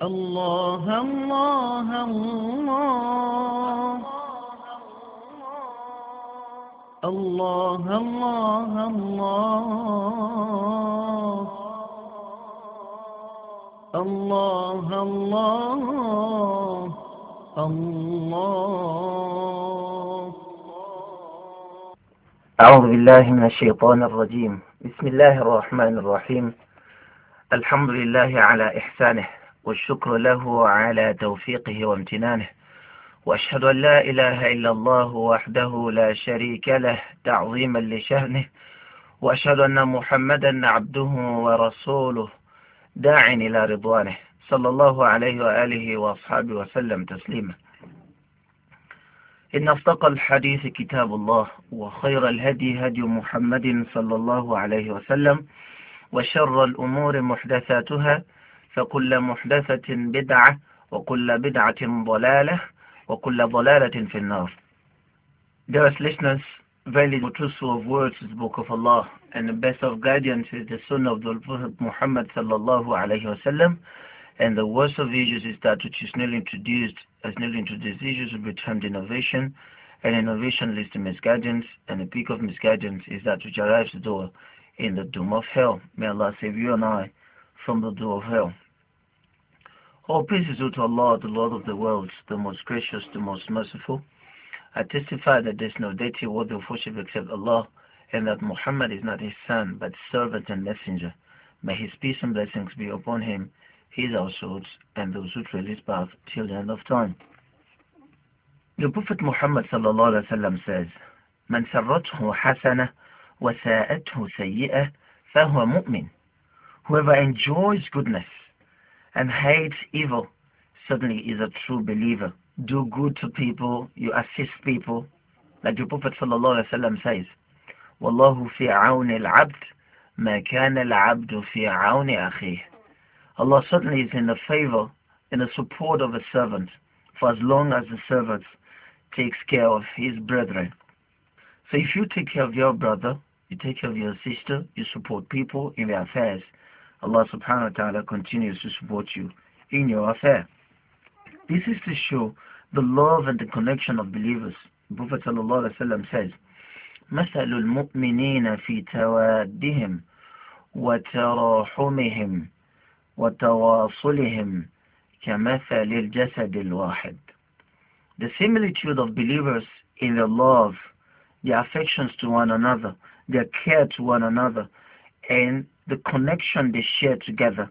الله الله الله الله الله الله الله الله الله أعوذ بالله من الشيطان الرجيم بسم الله الرحمن الرحيم الحمد لله على إحسانه والشكر له على توفيقه وامتنانه وأشهد أن لا إله إلا الله وحده لا شريك له تعظيما لشأنه وأشهد أن محمدا عبده ورسوله داع إلى رضوانه صلى الله عليه وآله وأصحابه وسلم تسليما إن أصدق الحديث كتاب الله وخير الهدي هدي محمد صلى الله عليه وسلم وشر الأمور محدثاتها فكل محدثة بدعة وكل بدعة ضلالة وكل ضلالة في النار Dearest listeners, verily the truthful of words is the Book of Allah, and the best of guidance is the Sunnah of the Prophet Muhammad sallallahu alayhi wasallam, and the worst of issues is that which is newly introduced, as newly introduced issues will be termed innovation, and innovation leads to misguidance, and the peak of misguidance is that which arrives the door in the doom of hell. May Allah save you and I from the door of hell. All praise is due to Allah, the Lord of the worlds, the most gracious, the most merciful. I testify that there is no deity worthy of worship except Allah, and that Muhammad is not his son, but servant and messenger. May his peace and blessings be upon him, his households, and those who trail his path till the end of time. The Prophet Muhammad وسلم, says, من سرته حسنة وساءته سيئة فهو مؤمن Whoever enjoys goodness and hates evil certainly is a true believer. Do good to people, you assist people. Like the Prophet ﷺ says, وَاللَّهُ فِي عَوْنِ الْعَبْدِ مَا كَانَ الْعَبْدُ فِي عَوْنِ أَخِيهِ Allah certainly is in the favor, in the support of a servant, for as long as the servant takes care of his brethren. So if you take care of your brother, you take care of your sister, you support people in their affairs, Allah subhanahu wa ta'ala continues to support you in your affair. This is to show the love and the connection of believers. The Prophet sallallahu alaihi says, مثل المؤمنين في توادهم وتراحمهم وتواصلهم كمثل الجسد الواحد. The similitude of believers in their love, their affections to one another, their care to one another, and the connection they share together.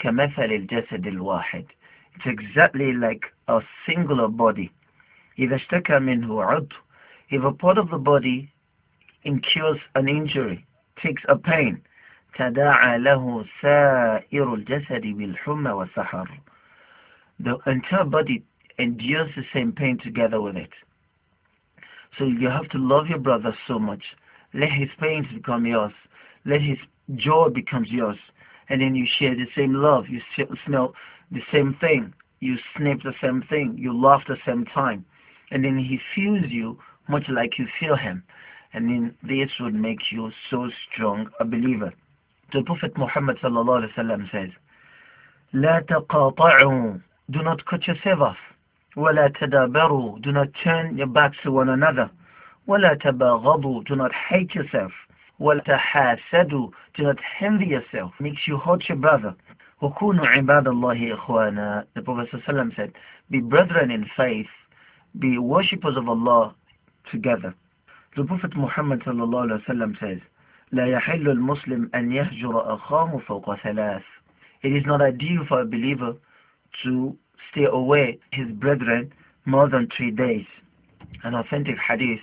كمثل الجسد الواحد. It's exactly like a singular body. إذا اشتكى منه عضو. If a part of the body incurs an injury, takes a pain, تداعى له سائر الجسد بالحمى والسحر. The entire body endures the same pain together with it. So you have to love your brother so much. Let his pains become yours. Let his joy becomes yours. And then you share the same love. You smell the same thing. You sniff the same thing. You laugh the same time. And then he feels you much like you feel him. And then this would make you so strong a believer. The Prophet Muhammad وسلم, says, لا تقاطعوا Do not cut yourself off. ولا تدابروا Do not turn your backs to one another. ولا تباغضوا Do not hate yourself. وَلْتَحَاسَدُوا Do not envy yourself. Makes you hurt your brother. وَكُونُوا عِبَادَ اللَّهِ إِخْوَانًا The Prophet ﷺ said, Be brethren in faith, be worshippers of Allah together. The Prophet Muhammad ﷺ says, لا يحل المسلم أن يهجر أخاه فوق ثلاث It is not ideal for a believer to stay away his brethren more than three days. An authentic hadith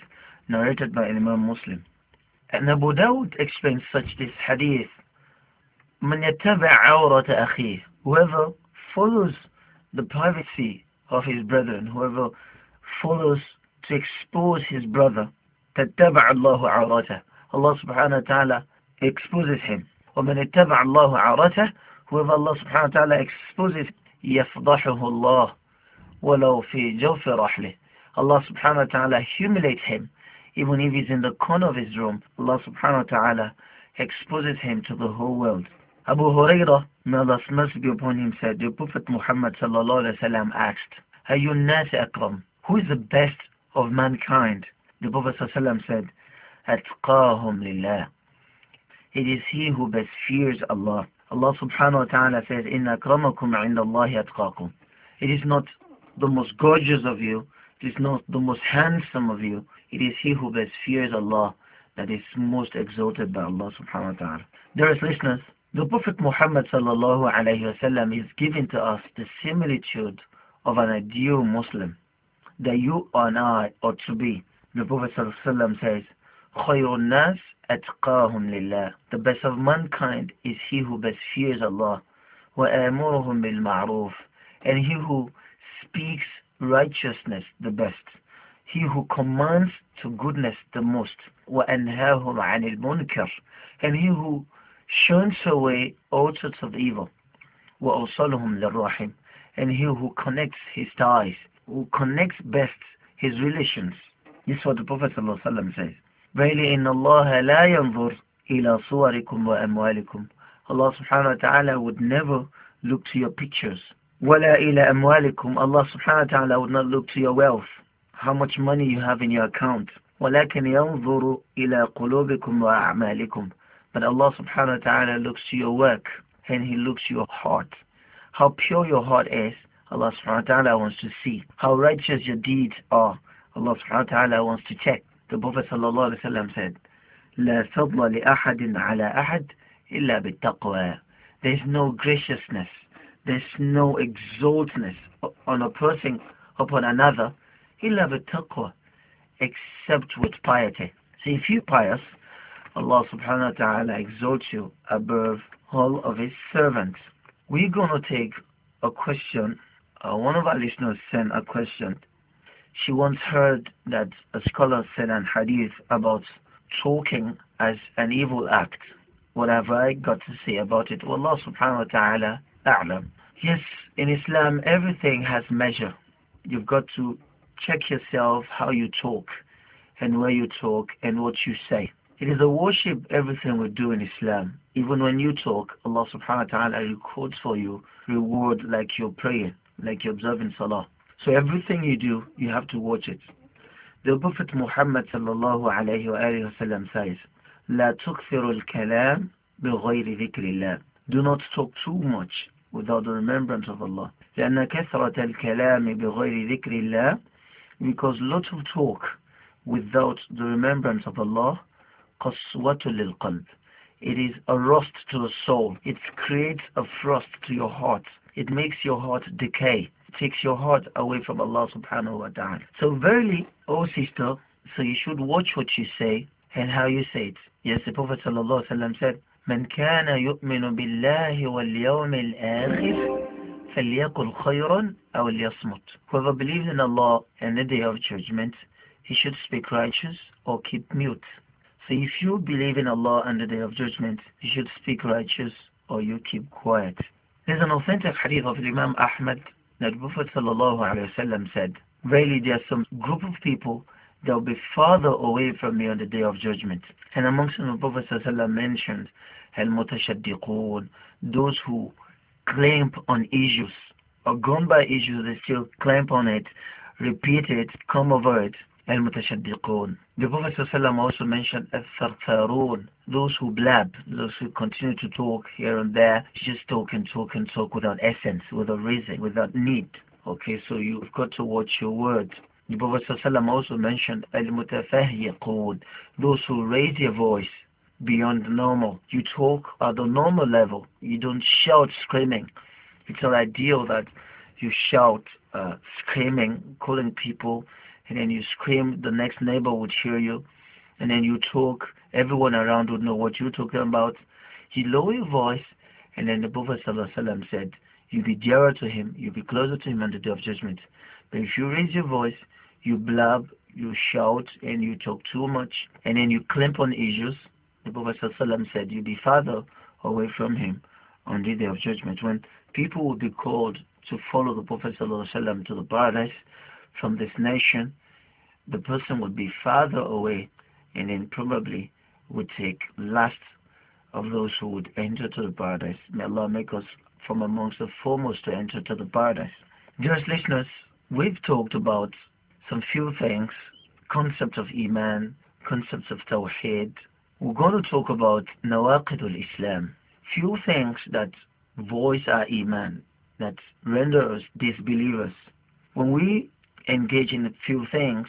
narrated by Imam Muslim and Abu Dawud explains such this hadith من يتبع عورة أخيه whoever follows the privacy of his brethren whoever follows to expose his brother تتبع الله عورته Allah subhanahu wa ta'ala exposes him ومن اتبع الله عورته whoever Allah subhanahu wa ta'ala exposes يفضحه الله ولو في جوف رحله Allah subhanahu wa ta'ala humiliates him even if he's in the corner of his room, Allah subhanahu wa ta'ala exposes him to the whole world. Abu Hurairah, may Allah's mercy be upon him, said, the Prophet Muhammad sallallahu alayhi wa sallam asked, Ayyun nasi akram, who is the best of mankind? The Prophet sallallahu said, Atqahum lillah. It is he who best fears Allah. Allah subhanahu wa ta'ala says, Inna akramakum inda atqakum. It is not the most gorgeous of you, it is not the most handsome of you, it is he who best fears Allah that is most exalted by Allah subhanahu wa ta'ala. Dearest listeners, the Prophet Muhammad sallallahu alayhi wasallam is giving to us the similitude of an ideal Muslim that you and I ought to be. The Prophet sallallahu alayhi wasallam says, خَيْرُ النَّاسِ أَتْقَاهُمْ لِلَّهِ The best of mankind is he who best fears Allah. وَآمُرُهُمْ بِالْمَعْرُوفِ And he who speaks righteousness the best he who commands to goodness the most, وَأَنْهَاهُمْ عَنِ الْمُنْكَرِ And he who shuns away all sorts of evil, وَأَوْصَلُهُمْ لِلرَّحِيمِ, And he who connects his ties, who connects best his relations. This is what the Prophet ﷺ says. Verily, إِنَّ اللَّهَ لَا يَنْظُرْ إِلَى صُوَرِكُمْ وَأَمْوَالِكُمْ Allah subhanahu wa ta'ala would never look to your pictures. وَلَا إِلَى أَمْوَالِكُمْ Allah subhanahu wa ta'ala would not look to your wealth how much money you have in your account. ولكن ينظر إلى قلوبكم وأعمالكم. But Allah subhanahu wa ta'ala looks to your work and He looks to your heart. How pure your heart is, Allah subhanahu wa ta'ala wants to see. How righteous your deeds are, Allah subhanahu wa ta'ala wants to check. The Prophet sallallahu alayhi wa sallam said, لا لأحد على أحد إلا بالتقوى. There is no graciousness, there is no exaltness on a person upon another He'll illa bittaqwa, except with piety. See, if you pious, Allah subhanahu wa ta'ala exalts you above all of his servants. We're going to take a question. Uh, one of our listeners sent a question. She once heard that a scholar said an hadith about talking as an evil act. What have I got to say about it? Well, Allah subhanahu wa ta'ala a'lam. Yes, in Islam, everything has measure. You've got to check yourself how you talk and where you talk and what you say. It is a worship everything we do in Islam. Even when you talk, Allah subhanahu wa ta'ala records for you reward like you're praying, like you're observing salah. So everything you do, you have to watch it. The Prophet Muhammad sallallahu alayhi wa sallam says, لا تكثر الكلام بغير ذكر الله. Do not talk too much without the remembrance of Allah. لأن كثرة الكلام بغير ذكر الله because lots of talk without the remembrance of Allah قَصْوَةُ لِلْقَلْبِ It is a rust to the soul. It creates a frost to your heart. It makes your heart decay. It takes your heart away from Allah subhanahu wa ta'ala. So verily, O oh sister, so you should watch what you say and how you say it. Yes, the Prophet sallallahu alaihi wasallam said, من كان يؤمن بالله واليوم فَلْيَقُلْ خَيْرًا أَوْ لِيَصْمُتْ Whoever believes in Allah and the Day of Judgment, he should speak righteous or keep mute. So if you believe in Allah and the Day of Judgment, you should speak righteous or you keep quiet. There's an authentic hadith of Imam Ahmad that Prophet ﷺ said, Verily there are some group of people that will be farther away from me on the Day of Judgment. And amongst them the Prophet ﷺ mentioned, al those who clamp on issues or gone by issues they still clamp on it repeat it come over it المتشدقون The Prophet ﷺ also mentioned those who blab, those who continue to talk here and there, just talk and talk and talk without essence, without reason, without need. Okay, so you've got to watch your words. The Prophet ﷺ also mentioned those who raise their voice beyond normal. You talk at the normal level. You don't shout screaming. It's not ideal that you shout uh, screaming, calling people, and then you scream. The next neighbor would hear you, and then you talk. Everyone around would know what you're talking about. You lower your voice, and then the Prophet ﷺ said, "You will be dearer to him. You will be closer to him on the day of judgment." But if you raise your voice, you blab, you shout, and you talk too much, and then you clamp on issues the Prophet ﷺ said, You be farther away from him on the day of judgment when people will be called to follow the Prophet ﷺ to the paradise from this nation. The person would be farther away and then probably would take last of those who would enter to the paradise. May Allah make us from amongst the foremost to enter to the paradise. Dearest listeners, we've talked about some few things, concepts of Iman, concepts of Tawheed, we're going to talk about Nawakidul Islam. Few things that voice our Iman, that render us disbelievers. When we engage in a few things,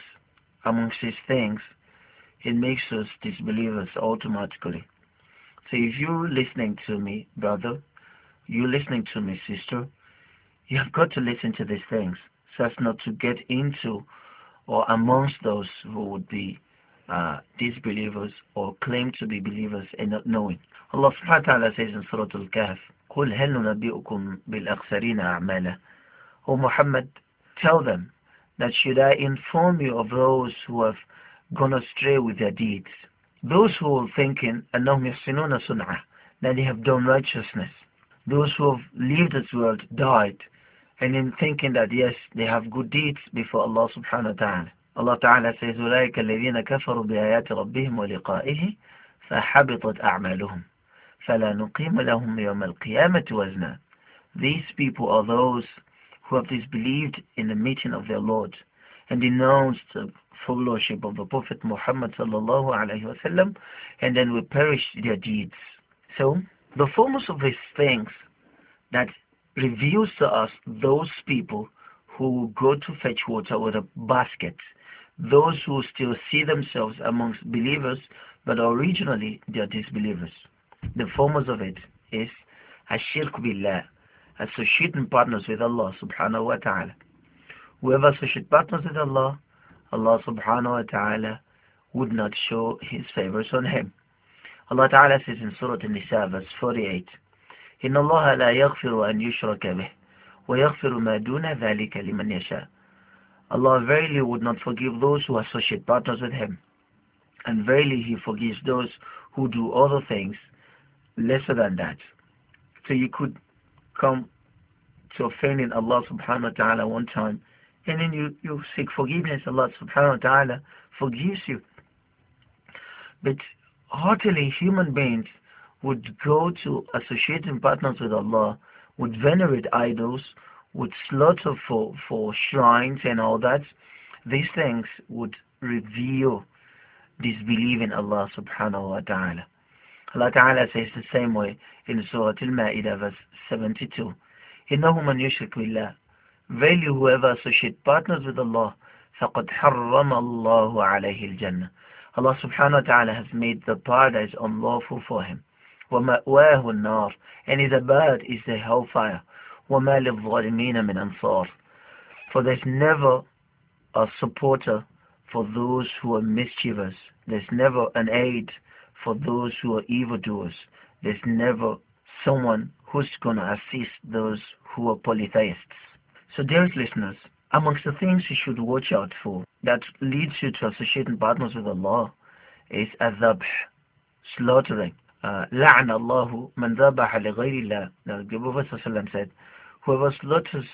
amongst these things, it makes us disbelievers automatically. So if you're listening to me, brother, you're listening to me, sister, you have got to listen to these things so as not to get into or amongst those who would be these uh, disbelievers or claim to be believers and not knowing. Allah subhanahu wa ta'ala says in Surah Al-Kahf, قُلْ هَلْ نُنَبِّئُكُمْ بِالْأَخْسَرِينَ أَعْمَالًا O Muhammad, tell them that should I inform you of those who have gone astray with their deeds, those who are thinking أَنَّهُمْ يَحْسِنُونَ صُنْعَةً that they have done righteousness, those who have lived this world, died, and in thinking that yes, they have good deeds before Allah subhanahu wa ta'ala. Allah تعالى says, أُولَٰئِكَ الَّذِينَ كَفَرُوا بِآيَاتِ رَبِّهِمْ وَلِقَائِهِ فَحَبِطَتْ أَعْمَالُهُمْ فَلَا نُقِيمُ لَهُمْ يَوْمَ الْقِيَامَةِ وَزْنًا These people are those who have disbelieved in the meeting of their Lord and denounced the followership of the Prophet Muhammad sallallahu alaihi wasallam, and then will perish their deeds. So, the foremost of these things that reveals to us those people who go to fetch water with a basket those who still see themselves amongst believers, but originally they are disbelievers. The foremost of it is Ashirk Billah, associating partners with Allah subhanahu wa ta'ala. Whoever associates partners with Allah, Allah subhanahu wa ta'ala would not show his favors on him. Allah Ta'ala says in Surah An-Nisa verse 48, إِنَّ اللَّهَ لَا يَغْفِرُ أَنْ يُشْرَكَ بِهِ وَيَغْفِرُ مَا دُونَ ذَلِكَ لِمَنْ يَشَاءُ Allah verily would not forgive those who associate partners with him. And verily he forgives those who do other things lesser than that. So you could come to offending Allah subhanahu wa ta'ala one time and then you, you seek forgiveness. Allah subhanahu wa ta'ala forgives you. But heartily human beings would go to associating partners with Allah, would venerate idols, with lots of for, for shrines and all that, these things would reveal disbelief in Allah subhanahu wa ta'ala. Allah Ta'ala says the same way in Surah Al-Ma'idah verse 72. إِنَّهُ مَنْ يُشْرِكْ بِاللَّهِ Verily whoever associates partners with Allah, فَقَدْ حَرَّمَ اللَّهُ عَلَيْهِ الْجَنَّةِ Allah subhanahu wa ta'ala has made the paradise unlawful for him. وَمَأْوَاهُ النَّارِ And his abode is the hellfire. وَمَا لِلظَّالِمِينَ مِنْ أَنصَارٍ For there's never a supporter for those who are mischievous. There's never an aid for those who are evildoers. There's never someone who's going to assist those who are polytheists. So, dear listeners, amongst the things you should watch out for that leads you to associating partners with Allah is azab, slaughtering. Uh, لعن الله من ذبح لغير الله. Now, the Prophet said, Whoever slaughters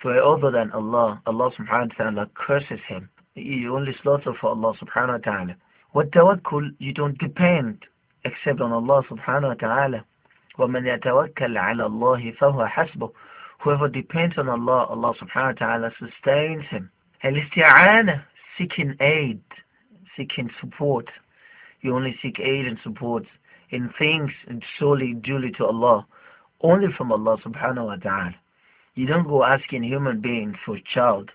for other than Allah, Allah subhanahu wa ta'ala curses him. You only slaughter for Allah subhanahu wa ta'ala. What tawakkul, you don't depend except on Allah subhanahu wa ta'ala. وَمَنْ يَتَوَكَّلْ عَلَى اللَّهِ فَهُوَ حَسْبُهُ Whoever depends on Allah, Allah subhanahu wa ta'ala sustains him. الاستعانة, seeking aid, seeking support. You only seek aid and support in things and solely duly to Allah, only from Allah subhanahu wa ta'ala. You don't go asking human being for child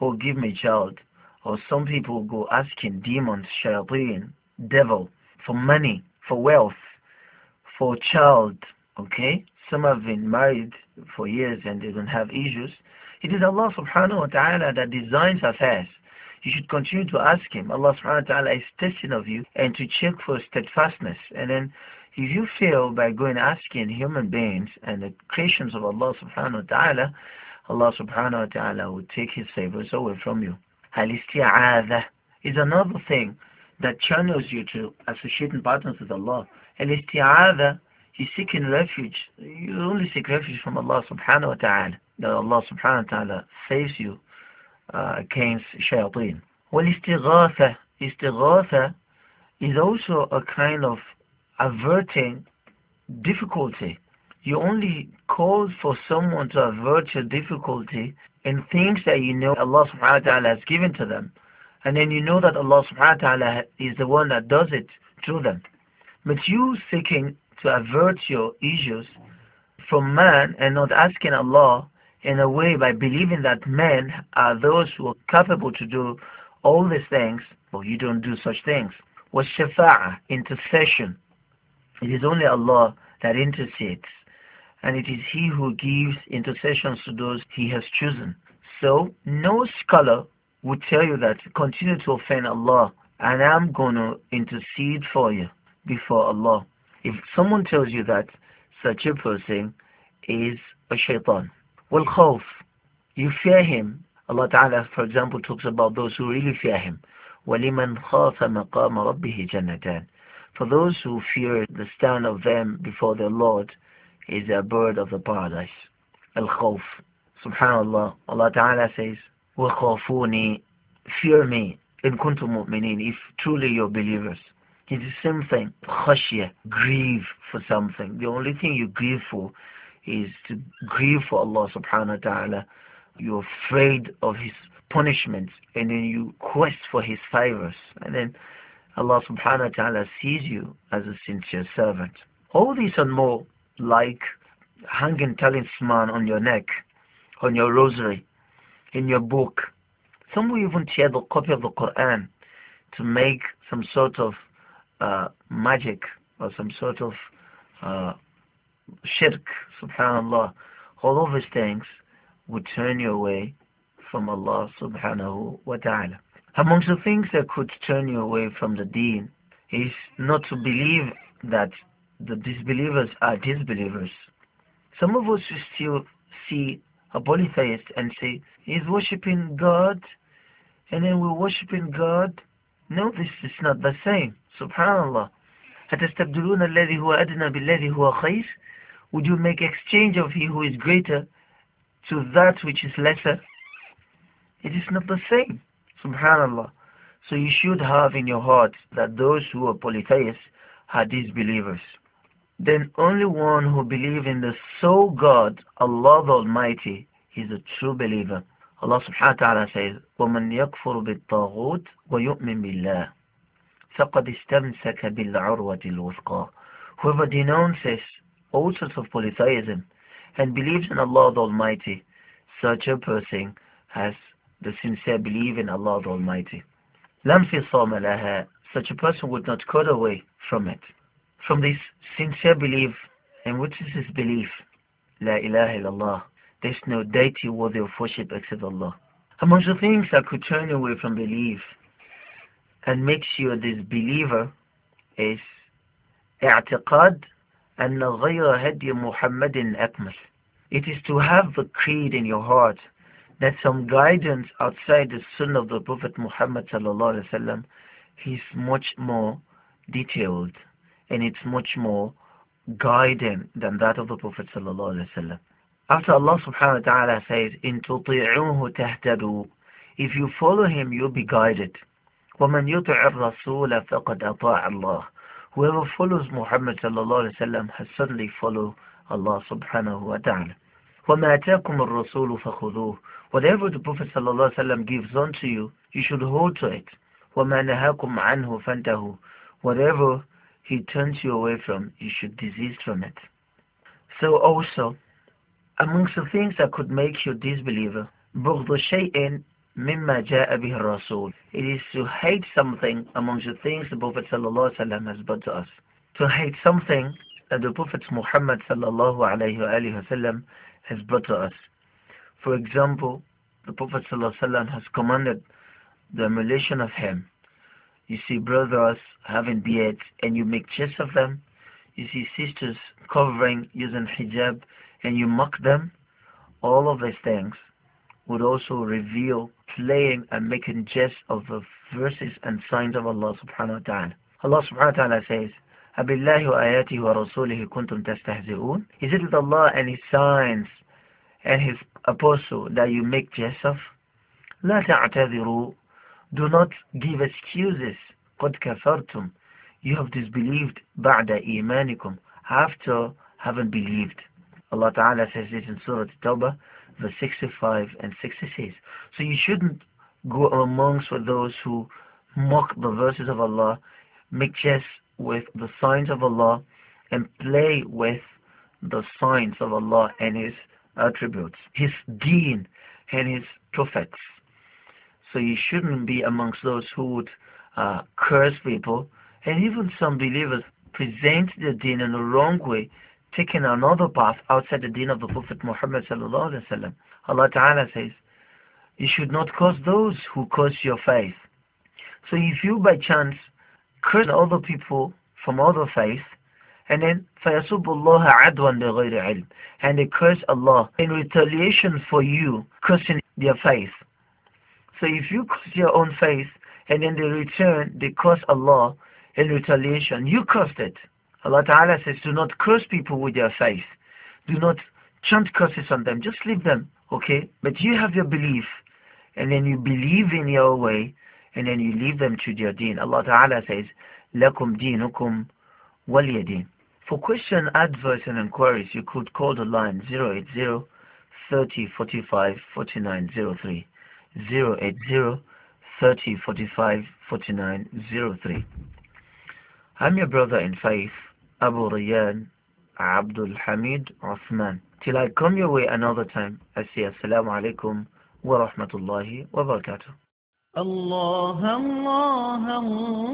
or give me child. Or some people go asking demons, shayateen, devil, for money, for wealth, for child. Okay? Some have been married for years and they don't have issues. It is Allah subhanahu wa ta'ala that designs affairs. You should continue to ask Him. Allah subhanahu wa ta'ala is testing of you and to check for steadfastness. And then if you fail by going asking human beings and the creations of Allah subhanahu wa ta'ala, Allah subhanahu wa ta'ala will take his favors away from you. Al-isti'adha is another thing that channels you to associating partners with Allah. Al-isti'adha, seeking refuge. You only seek refuge from Allah subhanahu wa ta'ala. That Allah subhanahu wa ta'ala saves you uh, against shayateen. Well, istighatha, istighatha is also a kind of averting difficulty. You only call for someone to avert your difficulty in things that you know Allah subhanahu wa ta'ala has given to them. And then you know that Allah subhanahu wa ta'ala is the one that does it through them. But you seeking to avert your issues from man and not asking Allah in a way by believing that men are those who are capable to do all these things, but well, you don't do such things. Was shafa'ah, intercession. It is only Allah that intercedes, and it is He who gives intercessions to those He has chosen. So, no scholar would tell you that continue to offend Allah and I'm going to intercede for you before Allah. If someone tells you that, such a person is a shaitan. Well, khawf, you fear him. Allah Ta'ala, for example, talks about those who really fear him. وَلِمَنْ خَافَ مَقَامَ رَبِّهِ جَنَّتَانِ for those who fear the stand of them before their Lord is a bird of the paradise. Al-Khawf. Subhanallah. Allah Ta'ala says, وَخَافُونِي Fear me. In kuntum mu'minin. If truly you're believers. It's the same thing. Khashya. Grieve for something. The only thing you grieve for is to grieve for Allah subhanahu wa ta'ala. You're afraid of His punishments and then you quest for His favors. And then Allah subhanahu wa ta'ala sees you as a sincere servant. All these and more like hanging talisman on your neck, on your rosary, in your book. Some will even tear the copy of the Quran to make some sort of uh, magic or some sort of uh, shirk, subhanAllah. All of these things would turn you away from Allah subhanahu wa ta'ala. Amongst the things that could turn you away from the deen is not to believe that the disbelievers are disbelievers. Some of us still see a polytheist and say, he's worshipping God, and then we're worshipping God. No, this is not the same. Subhanallah. Would you make exchange of he who is greater to that which is lesser? It is not the same. Subhanallah. So you should have in your heart that those who are polytheists are disbelievers. Then only one who believes in the sole God, Allah the Almighty, is a true believer. Allah subhanahu wa ta'ala says, وَمَنْ يَكْفُرُ بِالطَّاغُوتِ وَيُؤْمِنْ بِاللَّهِ فَقَدْ اسْتَمْسَكَ بِالْعُرْوَةِ الْوُثْقَى Whoever denounces all sorts of polytheism and believes in Allah the Almighty, such a person has the sincere belief in Allah the Almighty. Such a person would not cut away from it, from this sincere belief. And what is his belief? La ilaha illallah. There's no deity worthy of worship except Allah. Amongst the things that could turn you away from belief and make you a disbeliever is اعتقاد أن غير هدي محمد أكمل. It is to have the creed in your heart that some guidance outside the Sunnah of the Prophet Muhammad sallallahu is much more detailed and it's much more guiding than that of the Prophet sallallahu After Allah subhanahu wa ta'ala says, In تُطِيعُوهُ تَهْتَدُوا If you follow him, you'll be guided. وَمَنْ يُطِعِ الرَّسُولَ فَقَدْ أَطَاعَ اللَّهِ Whoever follows Muhammad sallallahu alayhi wasallam has certainly followed Allah subhanahu wa ta'ala. وَمَا أَتَاكُمُ الرَّسُولُ فَخُذُوهُ Whatever the Prophet ﷺ gives unto you, you should hold to it. Whatever he turns you away from, you should desist from it. So also, amongst the things that could make you disbeliever, بُغْضُ شَيْءٍ مِمَّا جَاءَ It is to hate something amongst the things the Prophet ﷺ has brought to us. To hate something that the Prophet Muhammad ﷺ has brought to us. For example, the Prophet ﷺ has commanded the emulation of him. You see brothers having beards and you make jest of them. You see sisters covering using hijab and you mock them. All of these things would also reveal playing and making jest of the verses and signs of Allah subhanahu wa ta'ala. Allah subhanahu wa ta'ala says, أَبِاللَّهِ وَآيَاتِهِ وَرَسُولِهِ كُنْتُمْ تَسْتَهْزِئُونَ Is it with Allah and His signs and His apostle that you make yourself. لا تعتذروا Do not give excuses. قد كفرتم You have disbelieved بعد إيمانكم after having believed. Allah Ta'ala says this in Surah Tawbah verse 65 and 66. So you shouldn't go amongst those who mock the verses of Allah, make chess with the signs of Allah, and play with the signs of Allah and His attributes, his deen and his prophets. So you shouldn't be amongst those who would uh, curse people. And even some believers present the deen in the wrong way, taking another path outside the deen of the Prophet Muhammad Allah Ta'ala says, you should not curse those who curse your faith. So if you by chance curse other people from other faiths, and then فَيَسُبُّ اللَّهَ عَدْوًا لِغَيْرِ and they curse Allah in retaliation for you cursing their faith. So if you curse your own faith and then they return, they curse Allah in retaliation. You cursed it. Allah Ta'ala says, do not curse people with your faith. Do not chant curses on them. Just leave them, okay? But you have your belief and then you believe in your way and then you leave them to their deen. Allah Ta'ala says, لَكُمْ دِينُكُمْ وَلْيَ دِينُ for question, advice, and inquiries, you could call the line 080 30 45 4903. 080 30 45 4903. I'm your brother in faith, Abu Rayyan Abdul Hamid Uthman. Till I come your way another time, I say Assalamu alaikum wa rahmatullahi wa barakatuh. Allah, Allah, Allah.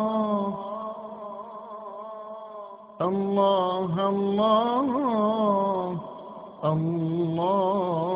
الله الله الله